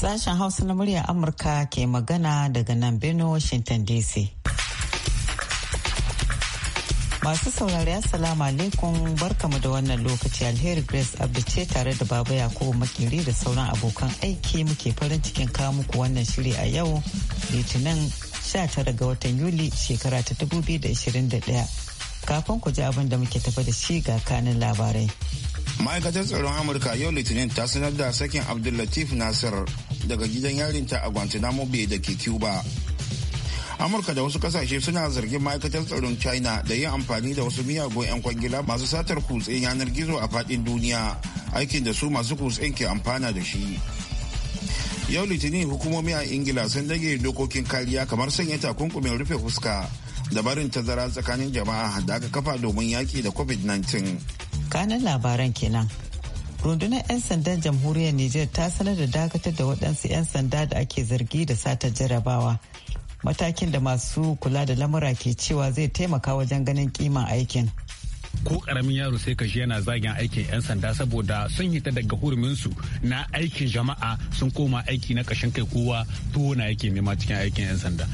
Sashen Hausa na muryar Amurka ke magana daga nan Benue, Washington DC. Masu saurari Assalamu alaikum barkamu da wannan lokaci alheri Grace Abdu ce tare da Baba Yakubu Makiri da sauran abokan aiki muke farin cikin kawo muku wannan shiri a yau Litinin 19 ga watan Yuli shekara ta 2021. Kafin ku ji abin da muke tafa da shi ga kanin labarai. Ma'aikatar tsaron Amurka yau Litinin ta sanar da sakin Abdul Latif Nasir daga gidan yarinta a guantanamo bay da ke cuba amurka da wasu kasashe suna zargin ma'aikatar tsaron china da yin amfani da wasu miyagun 'yan kwangila masu satar kutsen yanar gizo a fadin duniya aikin da su masu kutsen ke amfana da shi yau litinin hukumomi a ingila sun dage dokokin kariya kamar sanya takunkumin rufe fuska da barin tazara tsakanin jama'a da aka kafa domin yaki da covid-19 kanan labaran kenan rundunar 'yan sandan jamhuriyar niger ta sanar da dakatar da waɗansu 'yan sanda da ake zargi da satar jarabawa matakin da masu kula da lamura ke cewa zai taimaka wajen ganin kiman aikin ko karamin yaro sai kashi yana zagin aikin 'yan sanda saboda sun hita daga huruminsu na aikin jama'a sun koma aiki na kashin kai kowa tuwo na yake nema cikin aikin 'yan sanda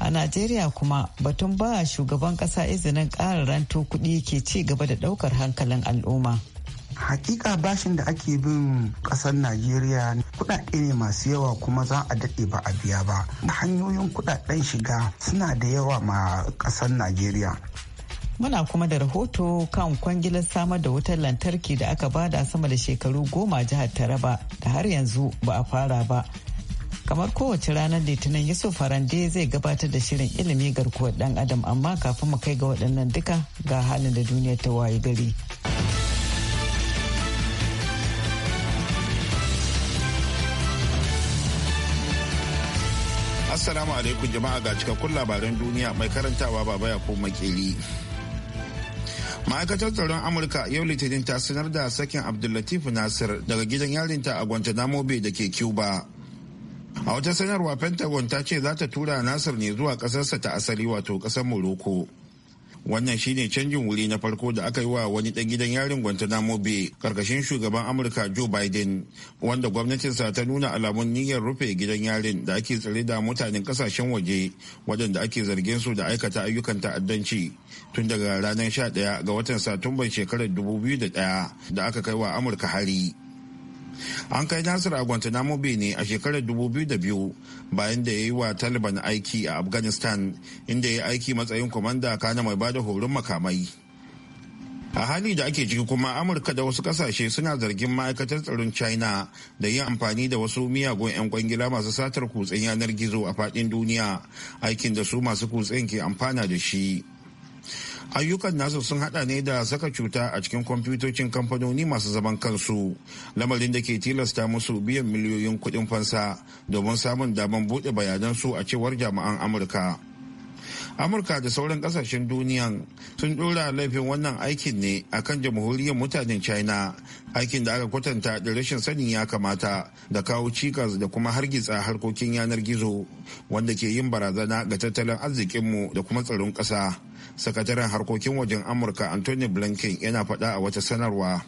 a najeriya kuma batun ba shugaban kasa izinin kararranto ranto kuɗi ke ci gaba da daukar hankalin al'umma hakika bashin da ake bin kasar najeriya kudade ne masu yawa kuma za a daɗe ba a biya ba hanyoyin kudaden shiga suna da yawa ma kasar najeriya Muna kuma da rahoto kan kwangilar samar da wutar lantarki da aka bada sama da shekaru goma jihar Taraba da har yanzu ba a fara ba. Kamar kowace ranar Litinin Yusuf Farande zai gabatar da shirin ilimi garkuwar dan Adam amma kafin mu kai ga waɗannan duka ga halin da duniyar ta waye gari. Assalamu alaikum jama'a ga cikakkun labaran duniya mai karantawa baba ya ko makeli. Ma'aikatar tsaron Amurka yau Litinin ta sanar da sakin Abdullatif Nasir daga gidan yarinta a Guantanamo Bay da ke Cuba. A wata sanarwa Pentagon ta ce za ta tura Nasir ne zuwa ƙasarsa ta asali wato ƙasar Morocco. wannan shine canjin wuri na farko da aka yi wa wani dan gidan yarin guantanamo bay karkashin shugaban amurka joe biden wanda gwamnatinsa ta nuna alamun niyyar rufe gidan yarin da ake tsare da mutanen kasashen waje wadanda ake zargin su da aikata ayyukan ta'addanci tun daga ranar 11 ga watan satumban shekarar 2001 da aka kai wa amurka hari an kai nasir a guantanamo bay ne a shekarar 2002 bayan da ya yi wa taliban aiki a afghanistan inda ya yi aiki matsayin kwamanda kana mai bada horon makamai a hali da ake ciki kuma amurka da wasu kasashe suna zargin ma'aikatar tsaron china da yin amfani da wasu miyagun 'yan kwangila masu satar kutsen yanar gizo a faɗin duniya aikin da su masu kutsen ke amfana da shi ayyukan nasu sun hada ne da saka cuta a cikin kwamfutocin kamfanoni masu zaman kansu lamarin da ke tilasta musu biyan miliyoyin kuɗin fansa domin samun damar buɗe bayanansu a cewar jami'an amurka amurka da sauran kasashen duniya sun dora laifin wannan aikin ne akan jamhuriyar mutanen china aikin da aka kwatanta da rashin sanin ya kamata da kawo cikas da kuma hargitsa harkokin yanar gizo wanda ke yin barazana ga tattalin arzikinmu da kuma tsaron ƙasa sakataren harkokin wajen amurka anthony blinken yana faɗa a wata sanarwa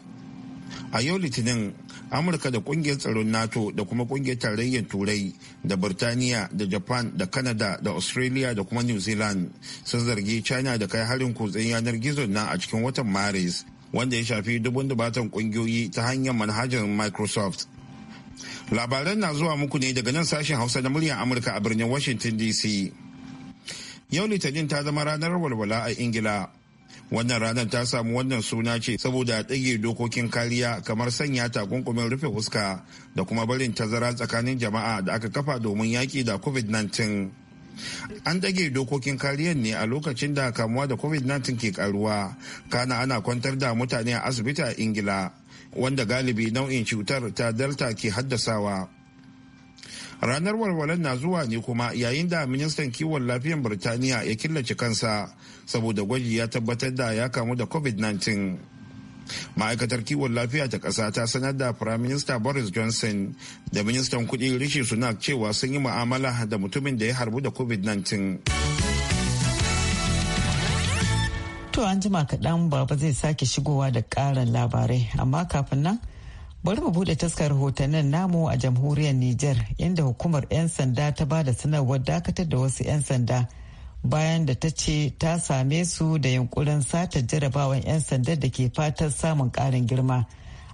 a yau litinin amurka da kungiyar tsaron nato da kuma kungiyar tarayyar turai da birtaniya da japan da canada da australia da kuma new zealand sun zargi china da kai harin kutsen yanar gizon na a cikin watan maris wanda ya shafi dubun dubatan kungiyoyi ta hanyar manhajar microsoft labaran na zuwa muku ne daga nan sashen hausa na muryar amurka a birnin washington dc yau litinin ta zama ranar walwala a ingila wannan ranar ta samu wannan suna ce saboda ɗage dokokin kariya kamar sanya takunkumin rufe fuska da kuma barin tazara tsakanin jama'a da aka kafa domin yaki da covid-19 an ɗage dokokin kariyar ne a lokacin da kamuwa da covid-19 ke karuwa kana ana kwantar da mutane a asibiti a ingila wanda galibi nau'in cutar ta delta ke haddasawa ranar walwalar na zuwa ne kuma yayin da ministan kiwon lafiyan birtaniya ya killace kansa saboda gwaji ya tabbatar da ya kamu da covid-19 ma'aikatar kiwon lafiya ta ƙasa ta sanar da minister boris johnson da ministan kudi rishi sunak cewa sun yi mu'amala da mutumin da ya harbu da covid-19 To an jima kaɗan baba zai sake shigowa da ƙarin labarai amma kafin nan Bari mu buɗe taskar rahotannin namu a jamhuriyar Nijar inda hukumar 'yan sanda ta ba da sanarwar dakatar da wasu 'yan sanda bayan da ta ce ta same su da yunkurin sata jarabawan 'yan sanda da ke fatan samun ƙarin girma.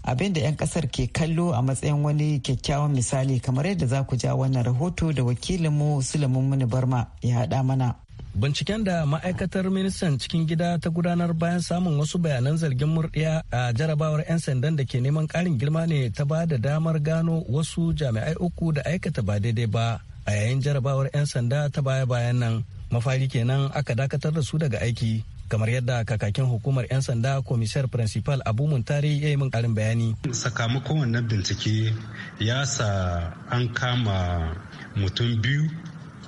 Abin da 'yan ƙasar ke kallo a matsayin wani kyakkyawan misali kamar yadda za ku ja wannan rahoto da wakilinmu Sulaiman Muni Barma ya haɗa mana. Binciken da ma'aikatar ministan cikin gida ta gudanar bayan samun wasu bayanan zargin murɗiya a jarabawar 'yan sandan da ke neman ƙarin girma ne ta ba da damar gano wasu jami'ai uku da aikata ba daidai ba a yayin jarabawar 'yan sanda ta baya-bayan nan. Mafari kenan aka dakatar da su daga aiki. kamar yadda kakakin hukumar 'yan sanda komisar principal abu muntari ya yi min karin bayani sakamakon wannan bincike ya sa an kama mutum biyu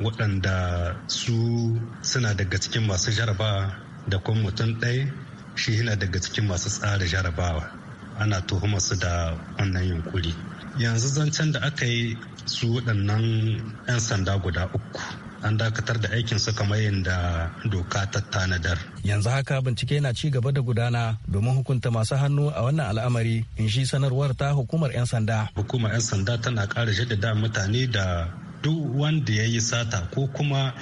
waɗanda su suna daga cikin masu jaraba da kuma mutum ɗaya shi yana daga cikin masu tsara jarabawa ana tuhumarsu da wannan yunkuri yanzu zancen da aka yi su waɗannan 'yan sanda guda uku an dakatar da aikin su kamar yadda doka ta tanadar. Yanzu haka bincike na ci gaba da gudana domin hukunta masu hannu a wannan al'amari in shi sanarwar ta hukumar 'yan sanda. Hukumar 'yan sanda tana ƙara jaddada mutane da duk wanda ya yi sata ko kuma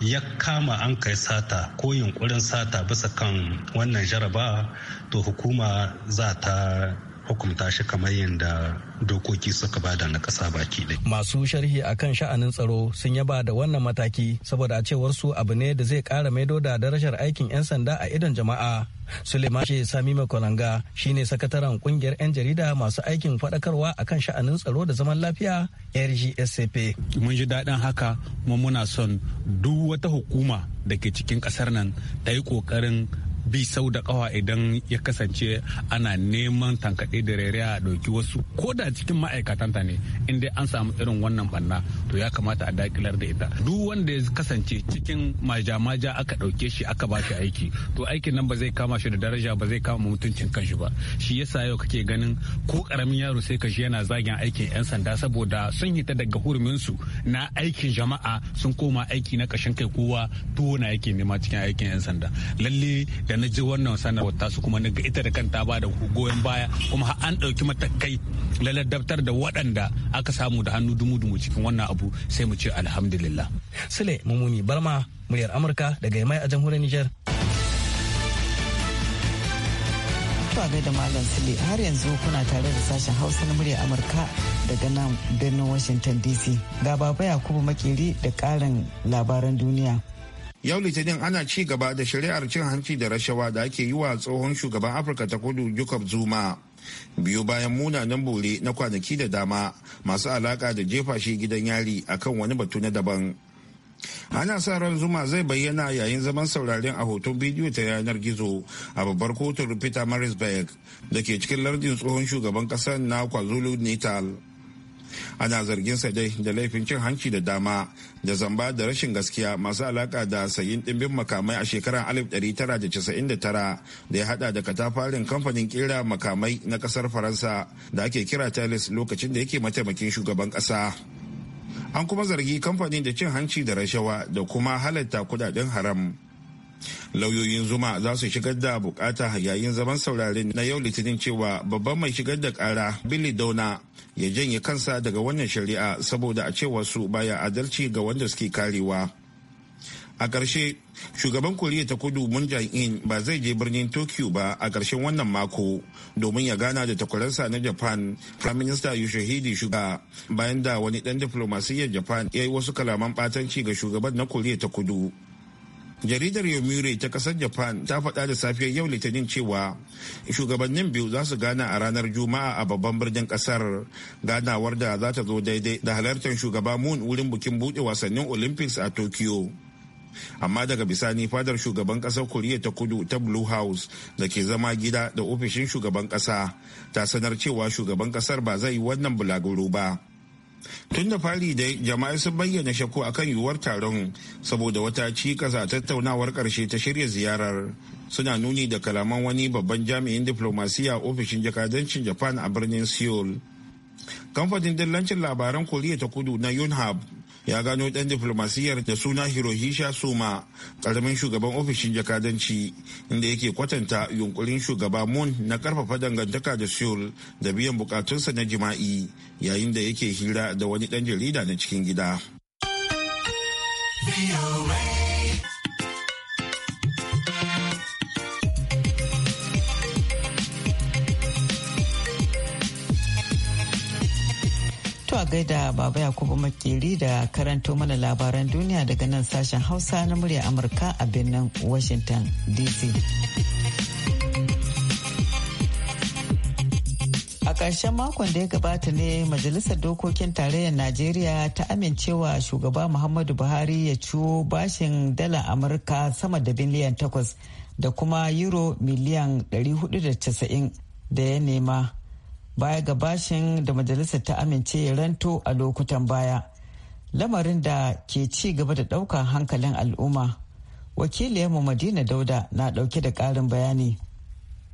ya kama an kai sata ko yunkurin sata bisa kan wannan jaraba to hukuma za ta hukunta shi kamar yadda dokoki suka bada na ƙasa baki ɗaya. Masu sharhi akan sha'anin tsaro sun yaba da wannan mataki saboda a cewar su abu ne da zai ƙara maido da darajar aikin 'yan sanda a idon jama'a. Suleiman Shehu Sami Makolanga shine sakataren kungiyar 'yan jarida masu aikin faɗakarwa akan sha'anin tsaro da zaman lafiya RGSCP. Mun ji daɗin haka kuma muna son duk wata hukuma da ke cikin ƙasar nan ta yi ƙoƙarin bi sau da kawa idan ya kasance ana neman tankaɗe da rere a ɗauki wasu ko da cikin ma'aikatanta ne inda an samu irin wannan banna to ya kamata a dakilar da ita duk wanda ya kasance cikin majamaja aka ɗauke shi aka ba shi aiki to aikin nan ba zai kama shi da daraja ba zai kama mutuncin kanshi ba shi yasa yau kake ganin ko karamin yaro sai kashi yana zagin aikin 'yan sanda saboda sun hita daga huruminsu na aikin jama'a sun koma aiki na kashin kai kowa tuwo na yake nema cikin aikin 'yan sanda lalle da na ji wannan sanarwar tasu kuma na ita da kanta ba da goyon baya kuma an ɗauki matakai na daftar da waɗanda aka samu da hannu dumu-dumu cikin wannan abu sai mu ce alhamdulillah. Sule Mumuni Barma muryar Amurka daga Yamai a jamhuriyar Nijar. Tuwa da Malam Sule har yanzu kuna tare da sashen Hausa na muryar Amurka daga nan birnin Washington DC. Ga Baba Yakubu Makeri da ƙarin labaran duniya. yau litinin ana ci gaba da shari'ar cin hanci da rashawa da ake yi wa tsohon shugaban afirka ta kudu jacob zuma biyu bayan munanan bore na kwanaki da dama masu alaka da jefa shi gidan yari akan wani batu na daban ana sa ran zuma zai bayyana yayin zaman sauraren a hoton bidiyo ta yanar gizo a babbar kotun peter marisberg da ke cikin lardin tsohon shugaban kasar na kwazulu natal ana zarginsa dai da laifin cin hanci da dama da zamba da rashin gaskiya masu alaka da sayin dimbin makamai a shekarar 1999 da ya hada da katafarin kamfanin kera makamai na kasar faransa da ake kira talis lokacin da yake mataimakin shugaban kasa an kuma zargi kamfanin da cin hanci da rashawa da kuma halatta kudaden haram lauyoyin zuma za su shigar da bukata yayin zaman sauraren na yau litinin cewa babban mai shigar da kara billy dauna ya janye kansa daga wannan shari'a saboda a cewa su baya adalci ga wanda suke karewa a ƙarshe shugaban koriya ta kudu mun in ba zai je birnin tokyo ba a ƙarshen wannan mako domin ya gana da takwaransa na japan prime minister yoshihide shuga bayan da wani ɗan diflomasiyyar japan ya yi wasu kalaman ɓatanci ga shugaban na koriya ta kudu jaridar yomiuri ta kasar japan ta faɗa da safiyar yau litinin cewa shugabannin biyu za su gana a ranar juma'a a babban birnin kasar ganawar da za ta zo daidai da halartar shugaba moon wurin bikin buɗe wasannin olympics a tokyo amma daga bisani fadar shugaban kasar koriya ta kudu ta blue house da ke zama gida da ofishin shugaban kasa ta sanar cewa shugaban kasar ba zai yi wannan bulaguro ba tun da fari dai jama'a sun bayyana shakku akan yiwuwar taron saboda wata cikasa tattaunawar karshe ta shirya ziyarar suna nuni da kalaman wani babban jami'in diplomasiya ofishin jakadancin japan a birnin seoul kamfanin dillancin labaran koriya ta kudu na yunhab ya gano ɗan diflomasiyyar da suna hirohisha suma ƙaramin shugaban ofishin jakadanci inda yake kwatanta yunkurin shugaba moon na karfafa dangantaka da seoul da biyan buƙatunsa na jima'i yayin da yake hira da wani ɗan jarida na cikin gida. zuwa a gaida Baba Yakubu Makeri da karanto mana labaran duniya daga nan sashen Hausa na murya Amurka a birnin Washington DC. A ƙarshen makon da ya gabata ne Majalisar Dokokin Tarayyar Najeriya ta amincewa shugaba Muhammadu Buhari ya ciwo bashin dala Amurka sama da biliyan takwas da kuma euro miliyan 490 da ya nema. baya ga bashin da majalisar ta amince ya ranto a lokutan baya lamarin da ke ci gaba da ɗaukan hankalin al'umma wakiliyarmu madina dauda na dauke da karin bayani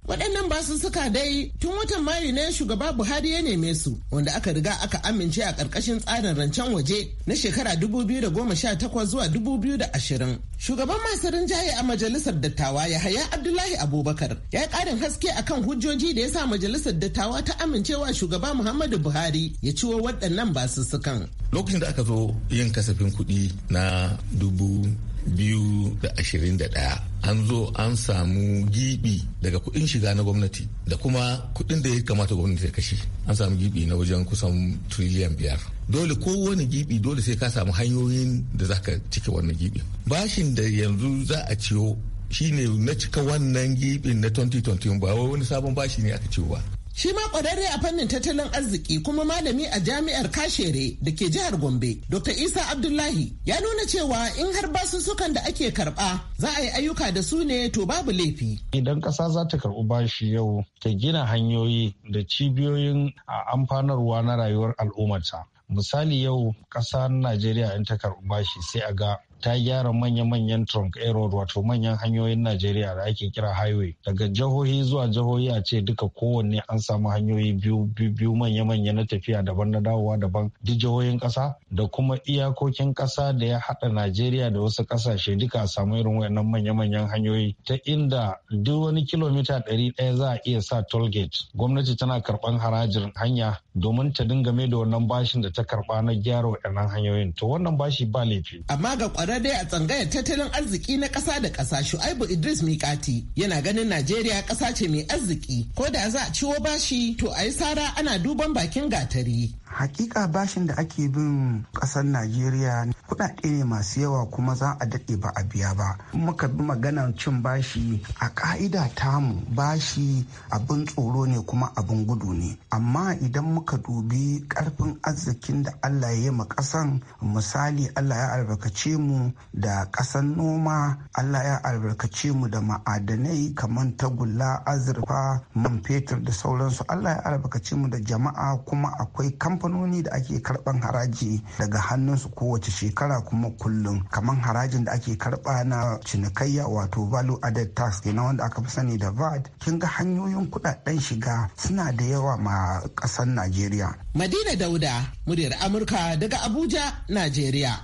Waɗannan basussuka dai tun watan Mayu na shugaba Buhari ya neme su wanda aka riga aka amince a ƙarƙashin tsarin rancen waje na shekara 2018 zuwa 2020. Shugaban masu rinjaye a majalisar dattawa Yahaya Abdullahi Abubakar ya yi ƙarin haske akan hujjoji da ya sa majalisar dattawa ta amincewa shugaba Muhammadu Buhari ya ciwo waɗannan sukan. Lokacin da aka zo yin kasafin kuɗi na dubu biyu da ashirin da ɗaya an zo an samu gibi daga kuɗin shiga na gwamnati da kuma kuɗin da ya kamata gwamnati ta kashe an samu gibi na wajen kusan triliyan biyar dole kowane gibi dole sai ka samu hanyoyin da za ka cike wannan gibi bashin da yanzu za a ciwo shine na cika wannan gibin na 2021 ba wani sabon bashi ne aka ciwo ba Shi ma kwararre a fannin tattalin arziki kuma malami a jami'ar Kashere da ke jihar Gombe, Dr. Isa Abdullahi ya nuna cewa in har basussukan da ake karba za a yi ayyuka da su ne to babu laifi. Idan ƙasa za ta karɓi bashi yau ta gina hanyoyi da cibiyoyin a amfanarwa na rayuwar al'ummata. misali yau kasa najeriya in ta karɓi bashi sai a ga ta gyara manya-manyan trunk road wato manyan hanyoyin najeriya da ake kira highway daga jihohi zuwa jihohi a ce duka kowanne an samu hanyoyi biyu biyu manya-manya na tafiya daban na dawowa daban duk jihohin kasa da kuma iyakokin kasa da ya hada najeriya da wasu kasashe duka a samu irin wayannan manya-manyan hanyoyi ta inda duk wani kilomita ɗari ɗaya za a iya sa toll gate gwamnati tana karɓan harajin hanya domin ta dinga mai da wannan bashin da ta karɓa na gyara wayannan hanyoyin to wannan bashi ba laifi amma ga masana dai a tsangayar tattalin arziki na ƙasa da ƙasa Shu'aibu Idris Mikati yana ganin Najeriya ƙasa ce mai arziki ko da za a ciwo bashi to a yi sara ana duban bakin gatari. hakika bashin da ake bin kasar najeriya kudade ne masu yawa kuma za a dade ba a biya ba muka bi maganar cin bashi a ka'ida tamu bashi abin tsoro ne kuma abin gudu ne amma idan muka dubi karfin arzikin da allah ya yi ma kasan misali allah ya albarkace mu da kasan noma allah ya albarkace mu da ma'adanai kamar tagulla azurfa man fetur da sauransu allah ya albarkace mu da jama'a kuma akwai kamfani kamfanoni da ake karban haraji daga hannunsu kowace shekara kuma kullum kamar harajin da ake karba na cinikayya wato value added tax kenan wanda aka fi sani da vat kin ga hanyoyin kudaden shiga suna da yawa ma kasar najeriya madina dauda muryar amurka daga abuja najeriya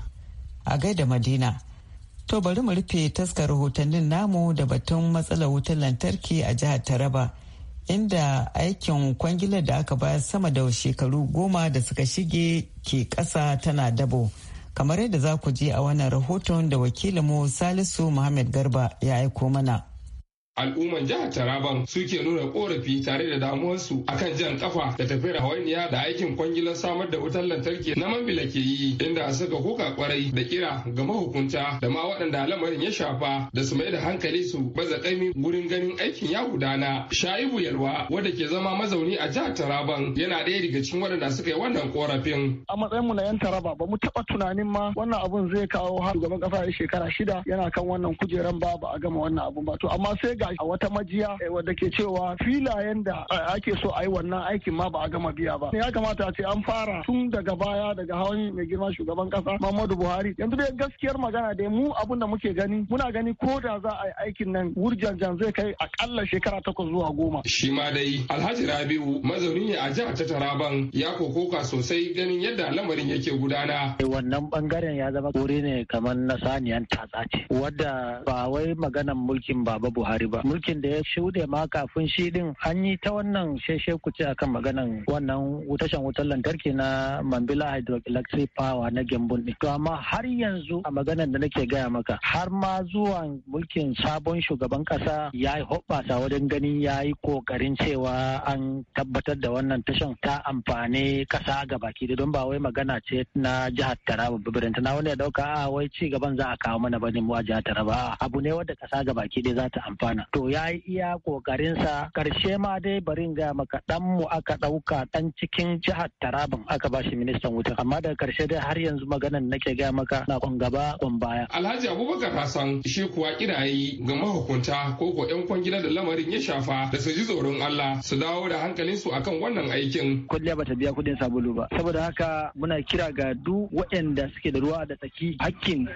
a gaida madina to bari mu rufe taskar rahotannin namu da batun matsalar wutar lantarki a jihar taraba inda aikin kwangilar da aka bayar sama da shekaru goma da suka shige ke ƙasa tana dabo kamar yadda za ku ji a wannan rahoton da wakilinmu salisu muhammad garba ya aiko mana al'umman jihar taraban suke nuna korafi tare da damuwarsu akan jan kafa da tafiyar hawainiya da aikin kwangilar samar da wutar lantarki na mambila ke yi inda suka kuka kwarai da kira ga mahukunta da ma waɗanda lamarin ya shafa da su mai da hankali su baza kaimi gurin ganin aikin ya gudana shaibu yalwa wanda ke zama mazauni a jihar taraban yana ɗaya daga cikin waɗanda suka yi wannan korafin a matsayin mu na yan taraba ba mu taɓa tunanin ma wannan abun zai kawo har gaban kafa shekara shida yana kan wannan kujeran ba ba a gama wannan abun ba to amma sai ga a wata majiya eh, wadda ke cewa filayen da eh, ake so a yi wannan aikin ma ba a gama biya ba ya kamata a ce an fara tun daga baya daga hawan mai girma shugaban kasa Muhammadu Buhari yanzu dai gaskiyar magana da mu abun da muke gani muna gani ko da za a yi aikin nan jan zai kai akalla shekara takwas zuwa goma shi ma dai Alhaji Rabiu mazauni ne a jihar ta Taraban ya kokoka sosai ganin yadda lamarin yake gudana eh, wannan bangaren ya zama kore ne kamar na saniyan tatsa ce wadda ba wai maganan mulkin baba Buhari ba mulkin da ya shuɗe ma kafin shi ɗin an yi ta wannan sheshe kuce akan maganan wannan tashan wutar lantarki na Mambila Hydroelectric Power na Gembun to amma har yanzu a maganan da nake gaya maka har ma zuwan mulkin sabon shugaban kasa ya yi hoɓɓasa wajen ganin ya yi ƙoƙarin cewa an tabbatar da wannan tashan ta amfani kasa ga baki da don ba wai magana ce na jihar Taraba bibirin ta na wani ya dauka a wai ci gaban za a kawo mana ba ne mu a jihar Taraba abu ne wanda kasa ga baki dai za ta amfana kenan to ya yi iya kokarinsa karshe ma dai barin gaya maka dan mu aka dauka dan cikin jihar Taraban aka ba shi ministan wuta amma daga karshe dai har yanzu maganan nake gaya maka na kun gaba kun baya Alhaji Abubakar Hassan shi kuwa kirayi ga mahukunta ko ko yan kwangila da lamarin ya shafa da su ji tsoron Allah su dawo da hankalin su akan wannan aikin kulliya bata biya kudin sabulu ba saboda haka muna kira ga duk waɗanda suke da ruwa da tsaki hakkin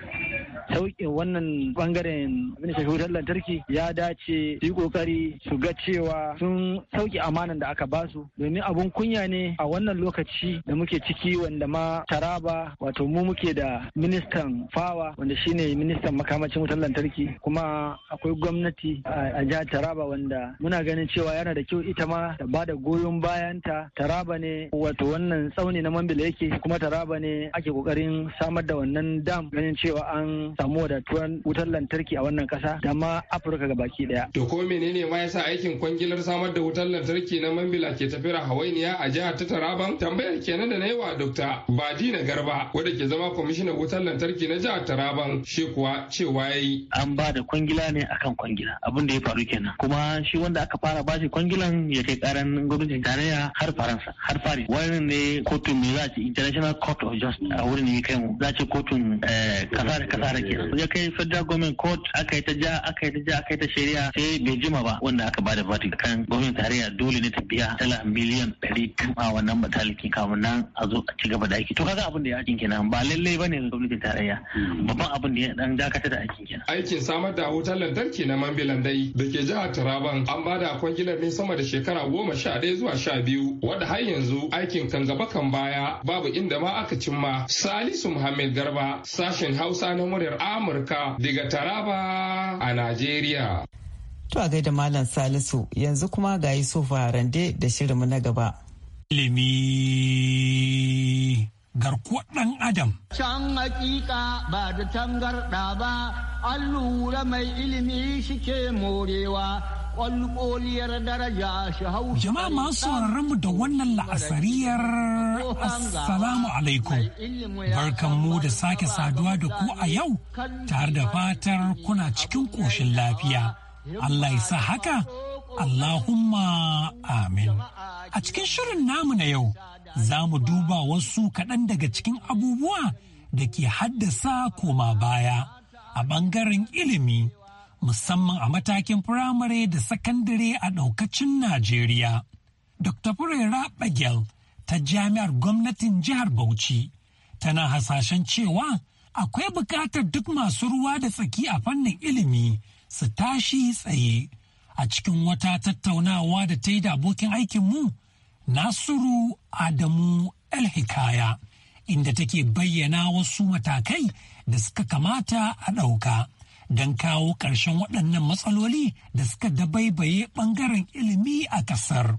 sauƙin wannan bangaren ministan wutar lantarki ya dace su yi kokari su ga cewa sun sauƙi amanan da aka basu domin abun kunya ne a wannan lokaci da muke ciki wanda ma taraba wato mu muke da ministan fawa wanda shine ministan makamacin wutar lantarki kuma akwai gwamnati a jihar taraba wanda muna ganin cewa yana da kyau ita ma ta ba da goyon bayanta taraba ne wato wannan tsauni na mambila yake kuma taraba ne ake kokarin samar da wannan dam ganin cewa an samuwa da turan wutar lantarki a wannan kasa da ma Afirka ga baki daya. To ko menene ma yasa aikin kwangilar samar da wutar lantarki na Mambila ke tafiyar hawainiya a jihar ta Taraban? Tambayar kenan da na yi wa Dr. Badina Garba wadda ke zama kwamishinan wutar lantarki na jihar Taraban shi kuwa cewa yi. An ba da kwangila ne akan kwangila abin da ya faru kenan kuma shi wanda aka fara ba shi kwangilan ya kai karan gwamnatin tarayya har Faransa har fari wannan ne kotun mai za a ce International Court of Justice a wurin ne kai mu za a ce kotun eh, kasa da kasa kara kenan ya kai federal government court aka yi ta ja aka yi ta ja aka yi ta shari'a sai bai jima ba wanda aka bada verdict kan gwamnatin tarayya dole ne ta biya dala miliyan ɗari a wannan matalikin kamun nan a zo a ci gaba da aiki to kaga abin da ya ake kenan ba lallai bane ga gwamnatin tarayya hmm. babban abin da ya dan dakatar da aikin kenan aikin samar da wutar lantarki na mambilan dai da ke jihar Taraban an bada kwangilar ne sama da shekara goma sha ɗaya zuwa sha biyu wadda har yanzu aikin kan gaba kan baya babu inda ma aka cimma Salisu Muhammad Garba sashen Hausa na mura muryar Amurka daga Taraba a Najeriya. To a gaida Malam Salisu yanzu kuma ga so farande da shirinmu na gaba. Ilimi garkuwar ɗan Adam. Can hakika ba da tangarɗa ba, an lura mai ilimi shike morewa kwalkoliyar daraja jama'a masu sauraron mu da wannan la'asariyar assalamu alaikum barkan mu da sake saduwa da ku a yau tare da fatar kuna cikin koshin lafiya Allah ya sa haka Allahumma amin a cikin shirin namu na yau za mu duba wasu kaɗan daga cikin abubuwa da ke haddasa koma baya a ɓangaren ilimi musamman a matakin firamare da sakandare a ɗaukacin Najeriya. Dr. Furera Bagel ta jami'ar gwamnatin jihar Bauchi tana hasashen cewa akwai buƙatar duk masu ruwa da tsaki a fannin ilimi su tashi tsaye a cikin wata tattaunawa da ta yi da abokin aikinmu Nasiru Adamu el inda take bayyana wasu matakai da suka kamata a ɗauka. don kawo ƙarshen waɗannan matsaloli da suka dabaibaye ɓangaren ilimi a ƙasar.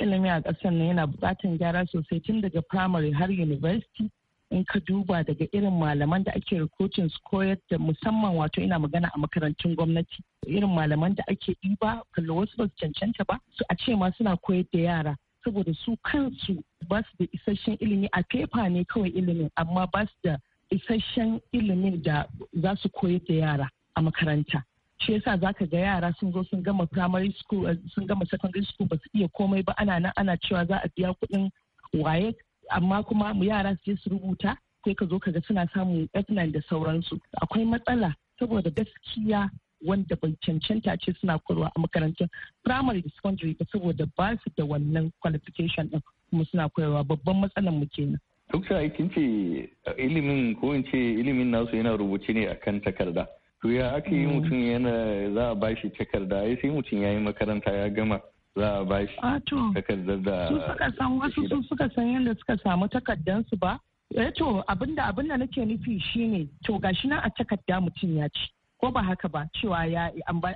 Ilimi a ƙasar nan yana buƙatar gyara sosai tun daga firamare har university in ka duba daga irin malaman da ake rikotin su koyar da musamman wato ina magana a makarantun gwamnati irin malaman da ake ɗiba kallo wasu ba su cancanta ba su a ce ma suna koyar da yara saboda su kansu ba su da isasshen ilimi a fefa ne kawai ilimin amma ba su da isasshen ilimin da za su koyar da yara a makaranta shi yasa za ka ga yara sun zo sun gama primary school eh, sun gama secondary school ba su iya komai ba ana nan ana cewa za a biya kuɗin waye amma kuma mu yara su je su rubuta sai ka zo ka ga suna samun ethnic da sauransu akwai matsala saboda gaskiya wanda bai cancanta ce suna koyarwa a makarantar primary da secondary ba saboda ba su da wannan qualification din kuma suna koyarwa babban matsalar mu kenan duk sai kin ce eh, ilimin ko in ce ilimin nasu yana rubuce ne akan takarda to ya aka yi mm. mutum yana za a bashi takarda ai sai mutum ya yi makaranta ya gama za a bashi ah, takardar da su suka san wasu su suka san yadda suka samu takardansu ba eh to abinda abinda nake nufi shine to gashi nan a takarda mutum ya ci ko ba haka ba cewa ya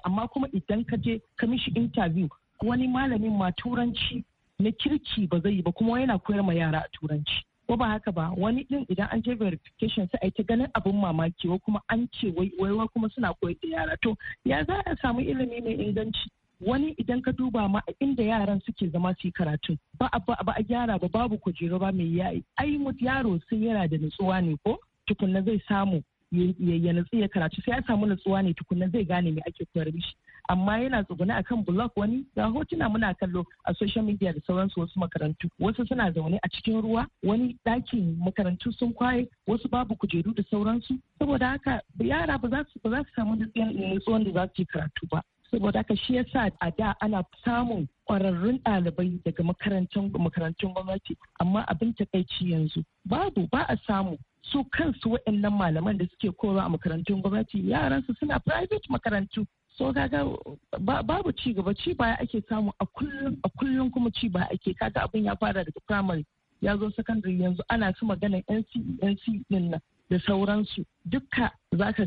amma kuma idan ka je ka mishi interview wani malamin ma turanci na kirki ba zai yi ba kuma yana koyar ma yara a turanci ko ba haka ba wani din idan an je verification sai a ta ganin abin mamaki ko kuma an ce wai wai kuma suna koyar da yara to ya za a samu ilimi mai inganci wani idan ka duba ma inda yaran suke zama su karatu ba a ba a gyara ba babu kujeru ba mai yayi ai mut yaro sun yana da nutsuwa ne ko tukunna zai samu ya nutsu ya karatu sai ya samu nutsuwa ne tukunna zai gane me ake koyar mishi amma yana tsugune a kan blog wani ga hotuna muna kallo a social media da sauransu wasu makarantu wasu suna zaune a cikin ruwa wani ɗakin makarantu sun kwaye wasu babu kujeru da sauransu saboda haka yara ba za su samu nutsuwan da za su yi karatu ba saboda haka shi yasa a da ana samun kwararrun ɗalibai daga makarantun makarantun gwamnati amma abin takaici yanzu babu ba a samu su kansu waɗannan malaman da suke koyarwa a makarantun gwamnati yaransu suna private makarantu so kaga babu ci gaba ci baya ake samu a kullum kuma ci baya ake kaga abin ya fara daga primary ya zo secondary yanzu ana su maganar NCE NCE din nan da sauransu dukka za ka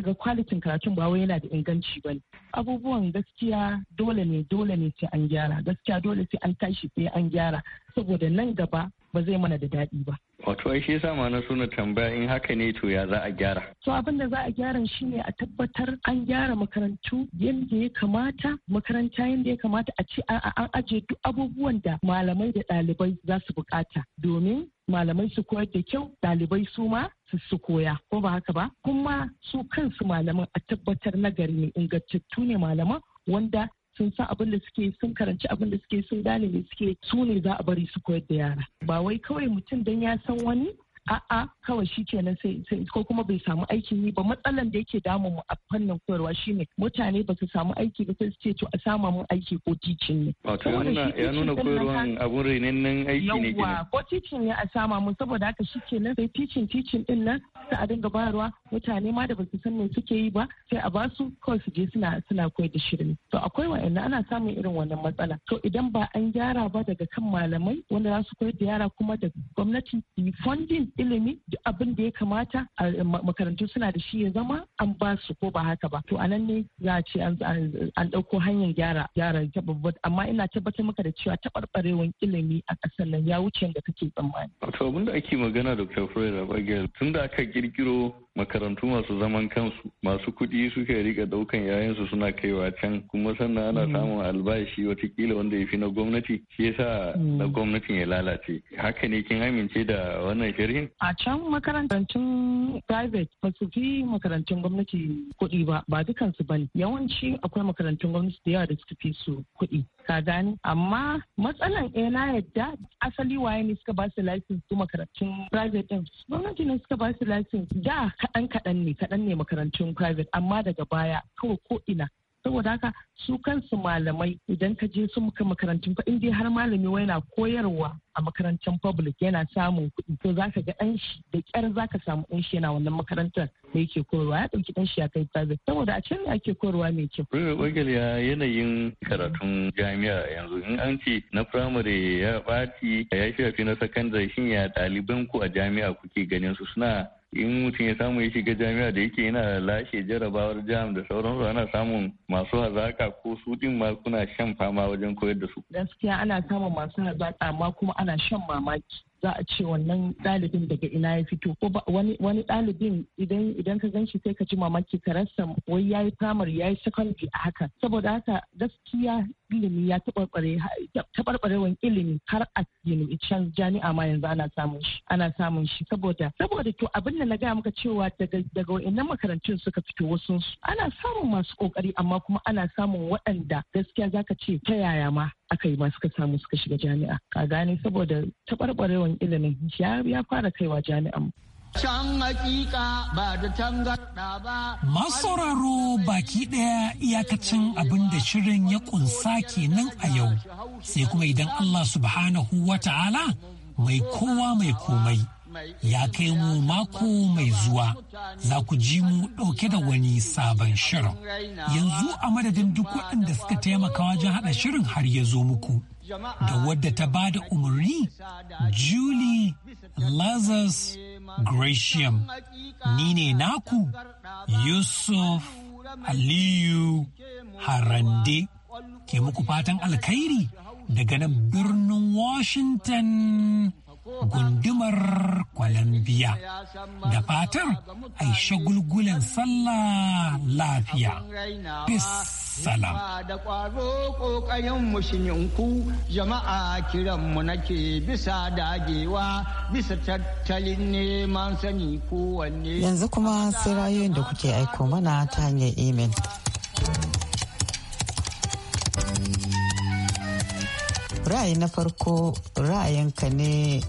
ga kwalitin karatun ba wai yana da inganci ba ne abubuwan gaskiya dole ne dole ne sai an gyara gaskiya dole sai an tashi sai an gyara saboda nan gaba ba zai mana da daɗi ba. Wato ai shi yasa ma na suna tambaya in haka ne to ya za a gyara. To abin da za a gyara shi ne a tabbatar an gyara makarantu yadda ya kamata makaranta yadda ya kamata a ce an ajiye duk abubuwan da malamai da ɗalibai za su buƙata domin malamai su koyar da kyau ɗalibai su ma su koya ko ba haka ba kuma su kansu malaman a tabbatar nagari ne ingantattu ne malaman wanda sun san abin da suke sun karanci abin da suke sun gane me suke su ne za a bari su koyar da yara ba wai kawai mutum dan ya san wani a'a kawai shi kenan sai ko kuma bai samu aikin yi ba matsalan da yake damu mu a fannin koyarwa shine mutane ba su samu aiki ba sai su ce to a sama mu aiki ko teaching ne wato ya nuna koyarwan abun renennen aiki ne Yawwa ko teaching ne a sama mu saboda haka shi kenan sai teaching teaching din nan sai a dinga bayarwa mutane ma da ba su san me suke yi ba sai a ba su kawai su je suna suna koyar da shirin to akwai wa'annan ana samun irin wannan matsala to idan ba an gyara ba daga kan malamai wanda za su koyar da yara kuma da gwamnati funding ilimi duk abin da ya kamata makarantu suna da shi ya zama an ba su ko ba haka ba to anan ne za a ce an ɗauko hanyar gyara gyara amma ina tabbatar maka da cewa taɓarɓarewar ilimi a ƙasar nan ya wuce da kake tsammani. to abin da ake magana da Dr. Freud Abagel tun da aka kirkiro makarantu masu zaman kansu masu kuɗi suka rika daukan yayansu suna kaiwa can kuma sannan ana mm. samun albashi watakila wanda ya fi na gwamnati shi yasa mm. na gwamnatin ya lalace haka ne kin amince da wannan shirin a can makarantun private ba su fi makarantun gwamnati kuɗi ba ba dukansu ba ne yawanci akwai makarantun gwamnati da yawa da suka fi su kuɗi ka gani amma matsalan ɗaya eh, na yadda asali waye ne suka ba su license su makarantun private din gwamnati ne suka ba su license da kaɗan kaɗan ne kaɗan ne makarantun private amma daga baya kawai ko ina saboda haka su kansu malamai idan ka je su muka makarantun fa in har malami wai na koyarwa a makarantar public yana samun kuɗi to za ka ga ɗan shi da ƙyar ka samu ɗan shi yana wannan makarantar da yake koyarwa ya ɗauki ɗan shi ya kai private saboda a can ake koyarwa mai kyau. Rufe ya yanayin karatun jami'a yanzu in an ce na primary ya ɓaci ya shafi na sakandare shin ya ɗaliban ku a jami'a kuke ganin su suna in mutum ya samu ya shiga jami'a da yake yana lashe jarabawar jam da sauransu ana samun masu hazaka ko su din ma kuna shan fama wajen koyar da su gaskiya ana samun masu hazaka amma kuma ana shan mamaki za a ce wannan ɗalibin daga ina ya fito ko wani ɗalibin idan idan ka ganshi sai ka ji mamaki ka rasa wai yayi primary yayi secondary a haka saboda haka gaskiya ilimi ya taɓarɓare wani ilimi har a can jami'a ma yanzu ana samun shi ana samun shi saboda saboda to abin da na gaya maka cewa daga daga wayannan makarantun suka fito wasu ana samun masu kokari amma kuma ana samun waɗanda gaskiya zaka ce ta yaya ma aka yi ma suka samu suka shiga jami'a ka gane saboda taɓarɓarewan ilimin ya fara kaiwa jami'an Can hakika ba da tangarda ba. Masu sauraro baki ɗaya iyakacin abin da shirin ya kunsa kenan a yau, sai kuma idan Allah subhanahu wa ta'ala mai kowa mai komai ya kai mu mako mai zuwa za ku ji mu ɗauke da wani sabon shirin. Yanzu a madadin duk waɗanda suka taimaka wajen haɗa shirin har ya zo muku. Da wadda ta ba da umarni, Julie Lazarus Gratiam, ni ne naku Yusuf Aliyu Harande, ke muku fatan alkhairi daga nan birnin Washington. gundumar kwalambiya Da fatar ai shagulgulan sallah lafiya. salam. Da ƙwaro ƙoƙayen musulunku jama'a kiranmu nake bisa dagewa bisa tattalin neman sani kowanne. Yanzu kuma sai rayuwar da kuke aiko mana ta hanyar imel. ra'ayi na farko ra'ayinka ne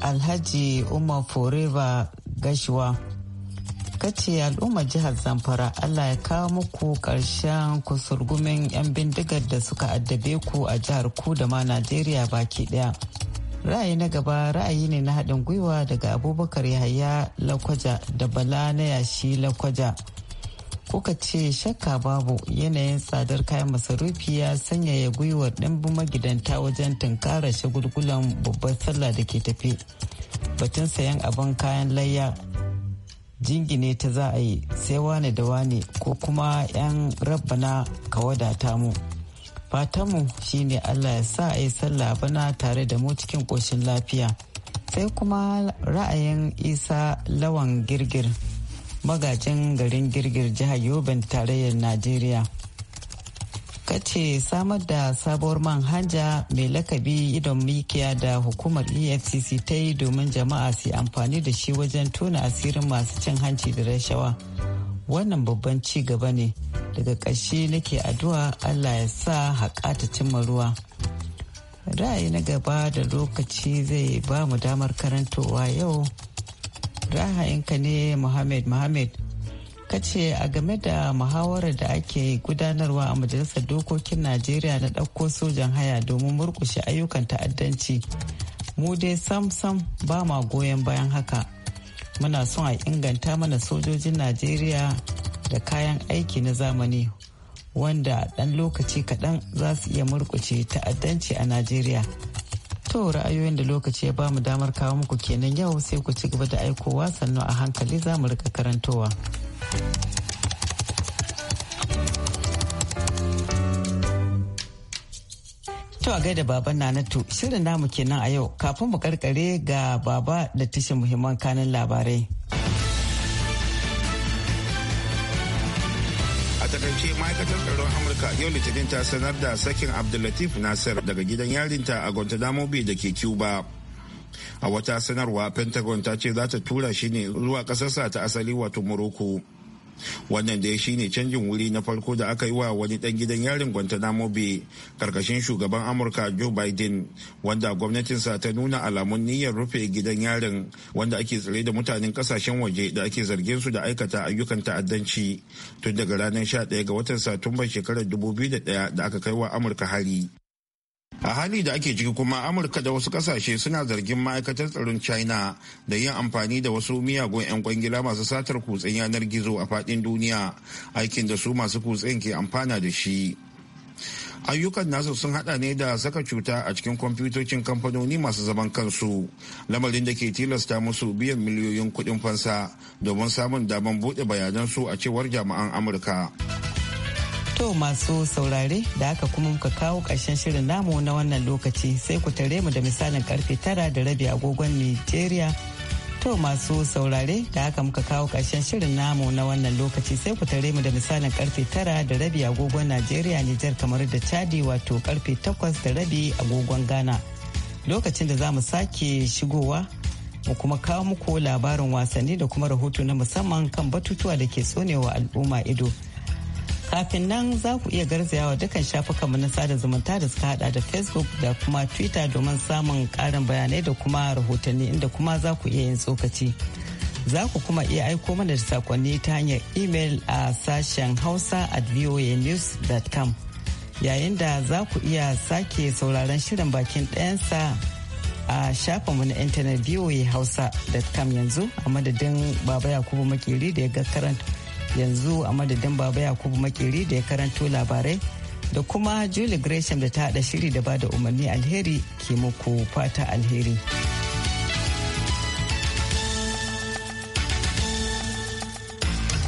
alhaji umar forever gashuwa kace al'ummar jihar zamfara allah ya kawo muku ƙarshen kusurgumin 'yan bindigar da suka addabe ku a jihar ku da ma najeriya baki daya ra'ayi na gaba ra'ayi ne na haɗin gwiwa daga abubakar yahaya lakwaja da bala na yashi lakwaja kuka ce shakka babu yanayin tsadar kayan masarufi ya sanyaya gwiwar ɗimbin magidanta wajen tunkara shagulgulan babbar sallah da ke tafi batun sayan abin kayan layya jingine ta za a yi sai wane da wane ko kuma 'yan rabbana ka wadata mu fatanmu shine allah ya sa a yi sallah bana tare da mu cikin ƙoshin lafiya sai kuma ra'ayin isa lawan girgir magajin garin girgir jihar Yoben tarayyar Najeriya. Kace samar da sabuwar manhaja mai lakabi idon mikiya da hukumar EFCC ta yi domin jama'a su amfani da shi wajen tona asirin masu cin hanci da rashawa. Wannan babban ci gaba ne daga ƙarshe nake addu'a Allah ya sa haƙa ta cimma ruwa. Ra'ayi na gaba da lokaci zai ba mu damar karantowa yau. ka ne Muhammad Muhammad. ka ce a game da muhawarar da ake gudanarwa a majalisar dokokin najeriya na ɗauko sojan haya domin murkushe ayyukan ta'addanci mu dai sam sam ba ma goyon bayan haka muna son a inganta mana sojojin najeriya da kayan aiki na zamani wanda ɗan lokaci kaɗan za su iya murkushe ta'addanci a najeriya. To ra'ayoyin da lokaci ya bamu damar kawo muku kenan yau sai ku ci gaba da aikowa sannan a hankali za mu rika karantowa. To a gaida baban Nanatu shirin namu kenan a yau kafin mu karkare ga baba da tashin muhimman kanin labarai. takaice ma'aikatar tsaron amurka yau litinin ta sanar da sakin abdulatif nasir daga gidan yarinta a guantanamo bay da ke cuba a wata sanarwa pentagon ta ce za ta tura shi ne zuwa ƙasarsa ta asali wato morocco wannan dai ne canjin wuri na farko da aka yi wa wani dan gidan yarin guantanamo bay karkashin shugaban amurka joe biden wanda gwamnatinsa ta nuna alamun niyyar rufe gidan yarin wanda ake tsare da mutanen kasashen waje da ake zargin su da aikata ayyukan ta'addanci tun daga ranar 11 ga watan satumban shekarar 2001 da aka kai wa amurka hari a hali da ake ciki kuma amurka da wasu kasashe suna zargin ma'aikatar tsaron china da yin amfani da wasu miyagun 'yan kwangila masu satar kutsen yanar gizo a fadin duniya aikin da su masu kutsen ke amfana da shi ayyukan nasu sun hada ne da saka cuta a cikin kwamfutocin kamfanoni masu zaman kansu lamarin da ke tilasta musu biyan miliyoyin kuɗin fansa domin samun damar buɗe bayanansu a cewar jami'an amurka To masu saurare da aka kuma muka kawo ƙarshen shirin namu na wannan lokaci sai ku tare mu da misalin karfe tara da rabi agogon Nigeria. To masu saurare da aka muka kawo ƙarshen shirin namu na wannan lokaci sai ku tare mu da misalin karfe tara da rabi agogon Najeriya Nijar kamar da Chadi wato karfe takwas da rabi agogon Ghana. Lokacin da za mu sake shigowa mu kuma kawo muku labarin wasanni da kuma rahoto na musamman kan batutuwa da ke tsonewa al'umma ido. Kafin nan za ku iya garzayawa dukkan shafukanmu na sada zumunta da suka hada da Facebook da kuma Twitter domin samun karin bayanai da kuma rahotanni inda kuma za ku iya yin tsokaci. Za ku kuma iya aiko mana da sakonni ta hanyar email a sashen hausa at voanews.com yayin da za ku iya sake sauraron shirin bakin ɗayansa a shafinmu na intanet voahausa.com yanzu a madadin baba yakubu makeri da ya ga karanta yanzu a madadin baba yakubu makeri da ya karanto labarai da kuma julie gresham da ta haɗa shiri da bada umarni alheri ke muku fata alheri.